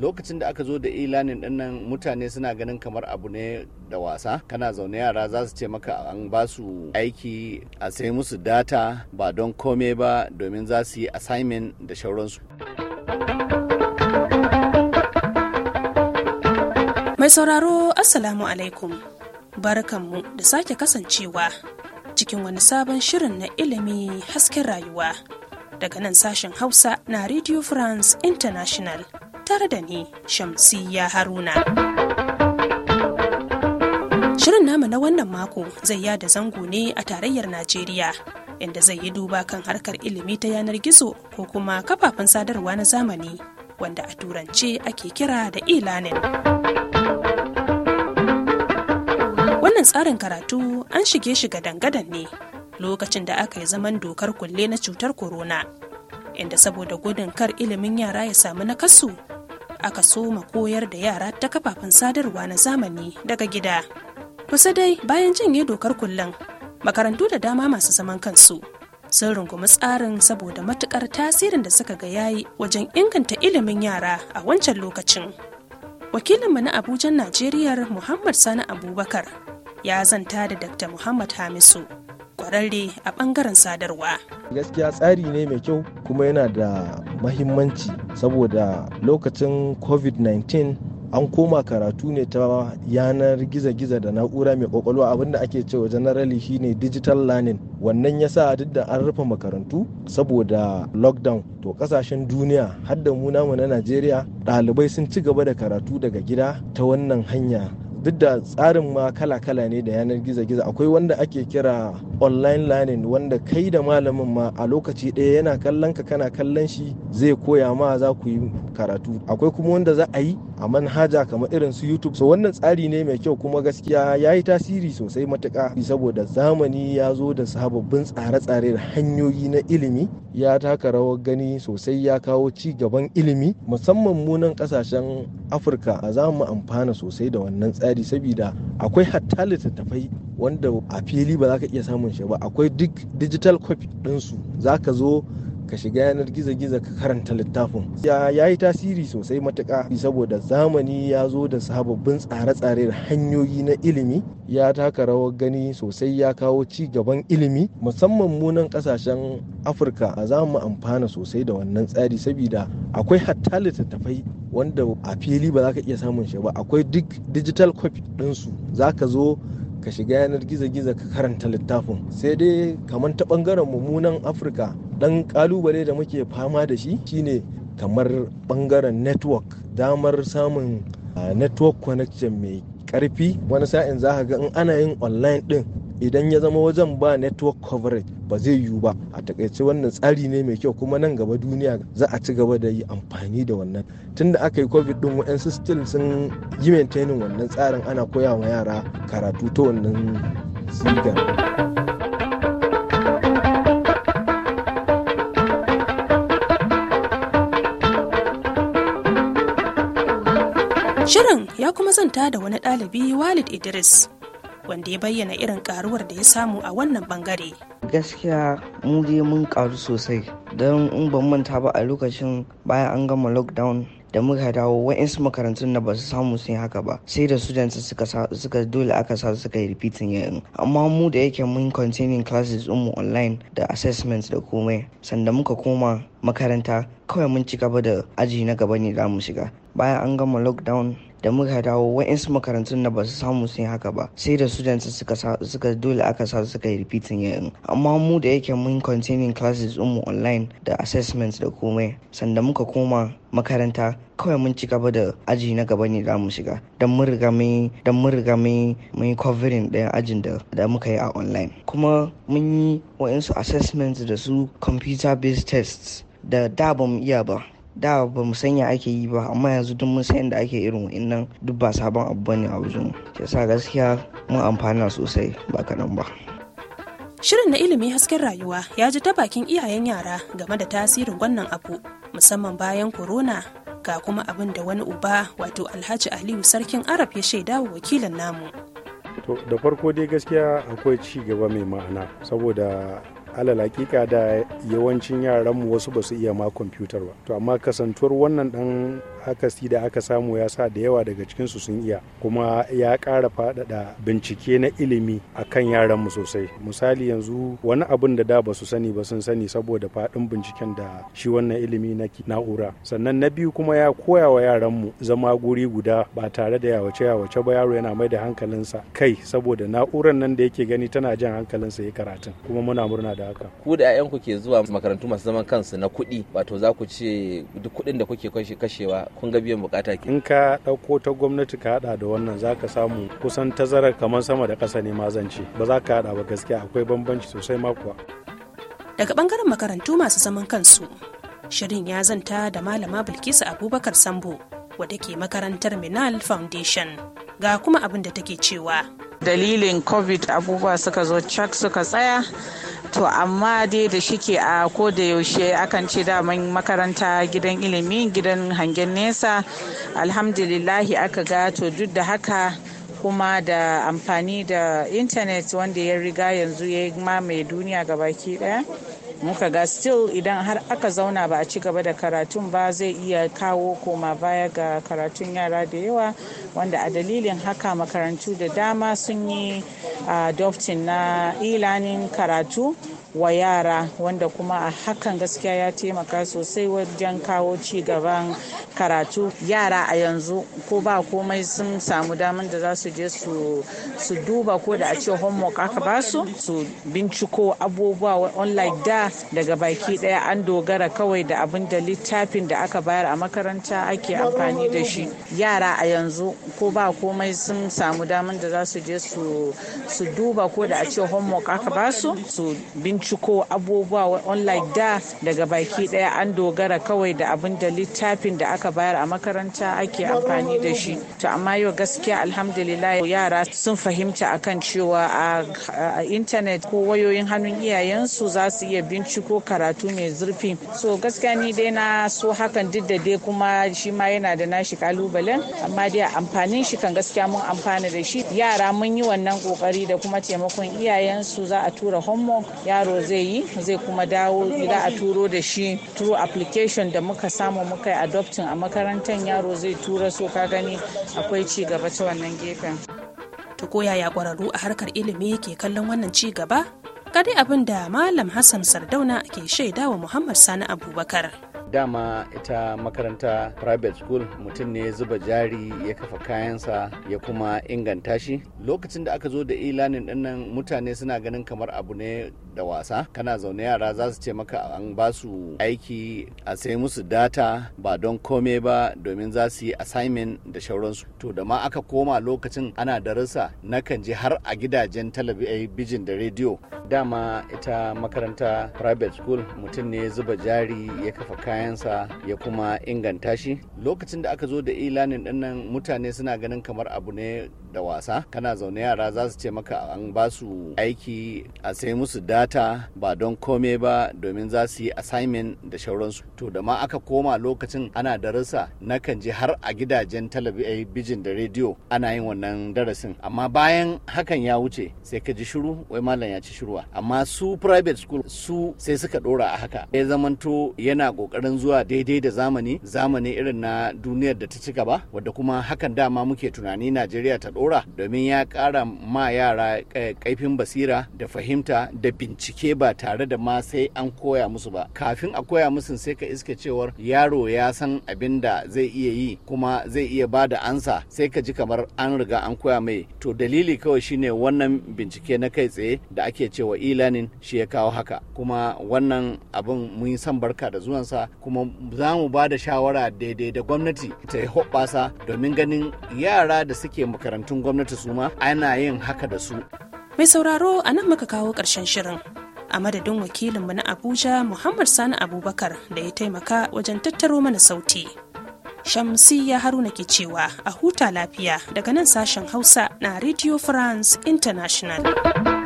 lokacin da aka zo da ilanin din nan mutane suna ganin kamar abu ne da wasa kana zaune yara za su ce maka an ba su aiki a sai musu data ba don kome ba domin za su yi assignment da shauransu mai sauraro assalamu alaikum barkanmu da sake kasancewa cikin wani sabon shirin na ilimi hasken rayuwa daga nan sashen hausa na radio france international tare da ni Shamsiyya Haruna. Shirin namu na wannan mako zai yada zango ne a tarayyar Najeriya, inda zai yi duba kan harkar ilimi ta yanar gizo ko kuma kafafen sadarwa na zamani wanda a turance ake kira da e-learning. Wannan tsarin karatu an shige shi ga ne lokacin da aka yi zaman dokar kulle na cutar corona. inda saboda gudun kar ilimin yara ya samu nakasu aka soma koyar da yara ta kafafen sadarwa na zamani daga gida kusa dai bayan janye dokar kullum makarantu da dama masu zaman kansu sun rungumi tsarin saboda matukar tasirin da suka ga yayi wajen inganta ilimin yara a wancan lokacin wakilinmu na abuja najeriya muhammad sani abubakar ya zanta da dr muhammad hamisu kwararre a bangaren sadarwa. Gaskiya tsari ne mai kyau kuma yana da mahimmanci saboda lokacin COVID-19 an koma karatu ne ta yanar gizo-gizo da na'ura mai kwakwalwa abinda ake cewa generally shine digital learning wannan ya sa duk da an rufe makarantu saboda lockdown to kasashen duniya har da mu namu na najeriya ɗalibai sun ci gaba da karatu daga gida ta wannan hanya duk da tsarin ma kala-kala ne da yanar gizo-gizo akwai wanda ake kira online learning wanda kai da malamin ma a lokaci ɗaya yana kallon ka kana kallon shi zai koya ma za ku yi karatu akwai kuma wanda za a yi a manhaja kamar irin su youtube so wannan tsari ne mai kyau kuma gaskiya ya yi tasiri sosai matuka saboda zamani ya zo da sababbin tsare-tsare da hanyoyi na ilimi ya taka rawar gani sosai ya kawo ci gaban ilimi musamman munan kasashen afirka a za mu amfana sosai da wannan tsari saboda akwai hatta littattafai wanda a fili ba za ka iya samun shi ba akwai duk digital copy ɗinsu za ka zo ka shiga yanar gizo-gizo ka karanta littafin ya yi tasiri sosai matuka saboda zamani ya zo da sababbin tsare-tsare da hanyoyi na ilimi ya taka rawar gani sosai ya kawo ci gaban ilimi musamman mu nan kasashen afirka a za mu amfana sosai da wannan tsari saboda akwai hatta littattafai wanda a fili ba za ka iya samun shi ba akwai duk digital copy ɗinsu za ka zo ka shiga yanar gizo-gizo ka karanta littafin sai dai kamar ta ɓangaren mummunan afirka dan kalubale da muke fama da shi shine kamar bangaren network damar samun ah, network connection mai karfi wani sa'in za ga in ana yin online din idan ya zama wajen ba network coverage ba zai yiwu ba a takaice wannan tsari ne mai kyau kuma nan gaba duniya za a ci gaba da yi amfani da wannan tunda aka yi covid din wa'yansu still sun yi maintaining wannan tsarin ana koya wa yara karatu ta wannan sigar Shirin ya kuma zanta da wani ɗalibi Walid Idris wanda ya bayyana irin karuwar da ya samu a wannan bangare. Gaskiya mu dai mun karu sosai don in ban manta ba a lokacin bayan an gama lockdown da muka dawo wa'insu makarantun na ba su samu sun haka ba sai da students suka dole aka sa suka yi repeating yayin amma mu da yake mun continuing classes mu online da assessments da komai sanda muka koma makaranta kawai mun ci gaba da aji na gaba ne za mu shiga bayan an gama lockdown da muka dawo wa'insu makarantun da ba su samu sun haka ba sai da students suka dole aka sa suka yi repeating yin amma mu da yake mun continuing classes umu online da assessments da komai sanda muka koma makaranta kawai mun ci gaba da aji na gaba ne za mu shiga don mun riga mun don mun riga mun covering ɗayan ajin da da muka yi a online kuma mun yi wa'insu assessments da su computer based tests da da ba mu iya ba da ba mu sanya ake yi ba amma yanzu duk mun san da ake irin wa'annan duk ba sabon abu bane a wajen ya sa gaskiya mun amfana sosai ba kaɗan ba Shirin na ilimi hasken rayuwa ya ji ta bakin iyayen yara game da tasirin wannan abu musamman bayan corona ga kuma abin da wani uba wato Alhaji Aliyu sarkin Arab ya shaida wa wakilin namu. To da farko dai gaskiya akwai ci gaba mai ma'ana saboda alal hakika da yawancin yaranmu wasu ba su iya ma kwamfutar ba to amma kasantuwar wannan dan akasi da aka samu ya sa da yawa daga cikinsu sun iya kuma ya ƙara faɗaɗa bincike na ilimi a kan yaranmu sosai misali yanzu wani abun da da ba su sani ba sun sani saboda faɗin binciken da shi wannan ilimi na na'ura sannan na biyu kuma ya koya wa yaranmu zama guri guda ba tare da yawace yawace ba yaro yana mai da hankalinsa kai saboda na'urar nan da yake gani tana jan hankalinsa ya karatun kuma muna murna da haka ku da 'ya'yanku ke zuwa makarantu masu zaman kansu na kuɗi wato za ku ce duk kuɗin da kuke kashewa kun ga biyan bukata in ka ɗauko ta gwamnati ka haɗa da wannan za ka samu kusan tazarar kamar sama da ƙasa ne ma zance ba za ka haɗa ba gaskiya akwai bambanci sosai ma kuwa daga bangaren makarantu masu zaman kansu shirin ya zanta da malama bilkisu abubakar sambo wadda ke makarantar minal foundation ga kuma abin da take cewa dalilin covid abubuwa suka zo cak suka tsaya to amma dai da shike a ko yaushe akan ce daman makaranta gidan ilimi gidan hangen nesa alhamdulillahi aka ga to duk da haka kuma da amfani da intanet wanda ya riga yanzu ya yi mamaye duniya gabaki daya muka ga still idan har aka zauna ba a ci gaba da karatun ba zai iya kawo koma baya ga karatun yara da yawa wanda a dalilin haka makarantu da dama sun yi adoptin na ilanin karatu wa yara wanda kuma a hakan gaskiya ya taimaka sosai wajen kawo ci gaban karatu yara a yanzu ko ba komai sun samu damar da za su je su duba ko da a ce homework aka ba su su binciko abubuwa online da daga baki daya an dogara kawai da abin da littafin da aka bayar a makaranta ake amfani da shi yara a yanzu ko ba komai sun samu damar da za su je su duba ko da a ce homework aka ba su su binciko abubuwa online da daga baki daya an dogara kawai da abin da littafin da aka bayar a makaranta ake amfani da shi to amma yau gaskiya alhamdulillah yara sun fahimta akan cewa a intanet ko wayoyin hannun iyayensu za su iya bin ko karatu mai zurfi so gaskiya ni dai na so hakan duk da dai kuma shi ma yana da nashi kalubalen amma dai amfanin shi kan gaskiya mun amfana da shi yara mun yi wannan kokari da kuma taimakon iyayensu za a tura homo yaro zai yi zai kuma dawo za a turo da shi through application da muka samu muka yi adopting a makarantar yaro zai tura so ka gani akwai ci gaba ta wannan gefen. Ta koya ya kwararru a harkar ilimi ke kallon wannan ci gaba? dai abin da Malam Hassan Sardauna ke shaida wa Muhammad Sani Abubakar. dama ita makaranta private school mutum ne zuba jari ya kafa kayansa ya kuma inganta shi lokacin da aka zo da ilanin dinnan mutane suna ganin kamar abu ne da wasa kana zaune yara za su ce maka an ba su aiki a sai musu data ba don kome ba domin za su yi assignment da shauransu to da ma aka koma lokacin ana darussa kan je har a gidajen talabijin da rediyo dama ita makaranta private school mutum ne zuba jari ya kafa kayan kayansa ya kuma inganta shi lokacin da aka zo da ilanin dinnan mutane suna ganin kamar abu ne da wasa kana zaune yara za su ce maka an ba su aiki a sai musu data ba don kome ba domin za su yi assignment da shauransu to da ma aka koma lokacin ana darasa na kan je har a gidajen talabijin da rediyo ana yin wannan darasin amma bayan hakan ya wuce sai ka ji shiru wai malam ya ci shiruwa amma su private school su sai suka dora a haka ya zamanto yana kokarin zuwa daidai da zamani zamani irin na duniyar da ta ci gaba wadda kuma hakan dama muke tunani najeriya ta dora domin ya kara ma yara kaifin basira da fahimta da bincike ba tare da ma sai an koya musu ba kafin a koya musu sai ka iska cewar yaro ya san abin da zai iya yi kuma zai iya ba da ansa sai ka ji kamar an riga an koya mai to dalili kawai shine wannan bincike na kai tsaye da ake cewa ilanin learning shi ya kawo haka kuma wannan abin mun san barka da zuwansa kuma za mu ba da shawara daidai da gwamnati ta yi hoɓɓasa domin ganin yara da suke makarantu ma'aikatun gwamnati su ma ana yin haka da su. Mai sauraro a nan muka kawo ƙarshen shirin. A madadin wakilinmu na Abuja Muhammad Sani Abubakar da ya taimaka wajen tattaro mana sauti. shamsi ya Haruna ke cewa a huta lafiya daga nan sashen Hausa na Radio France International.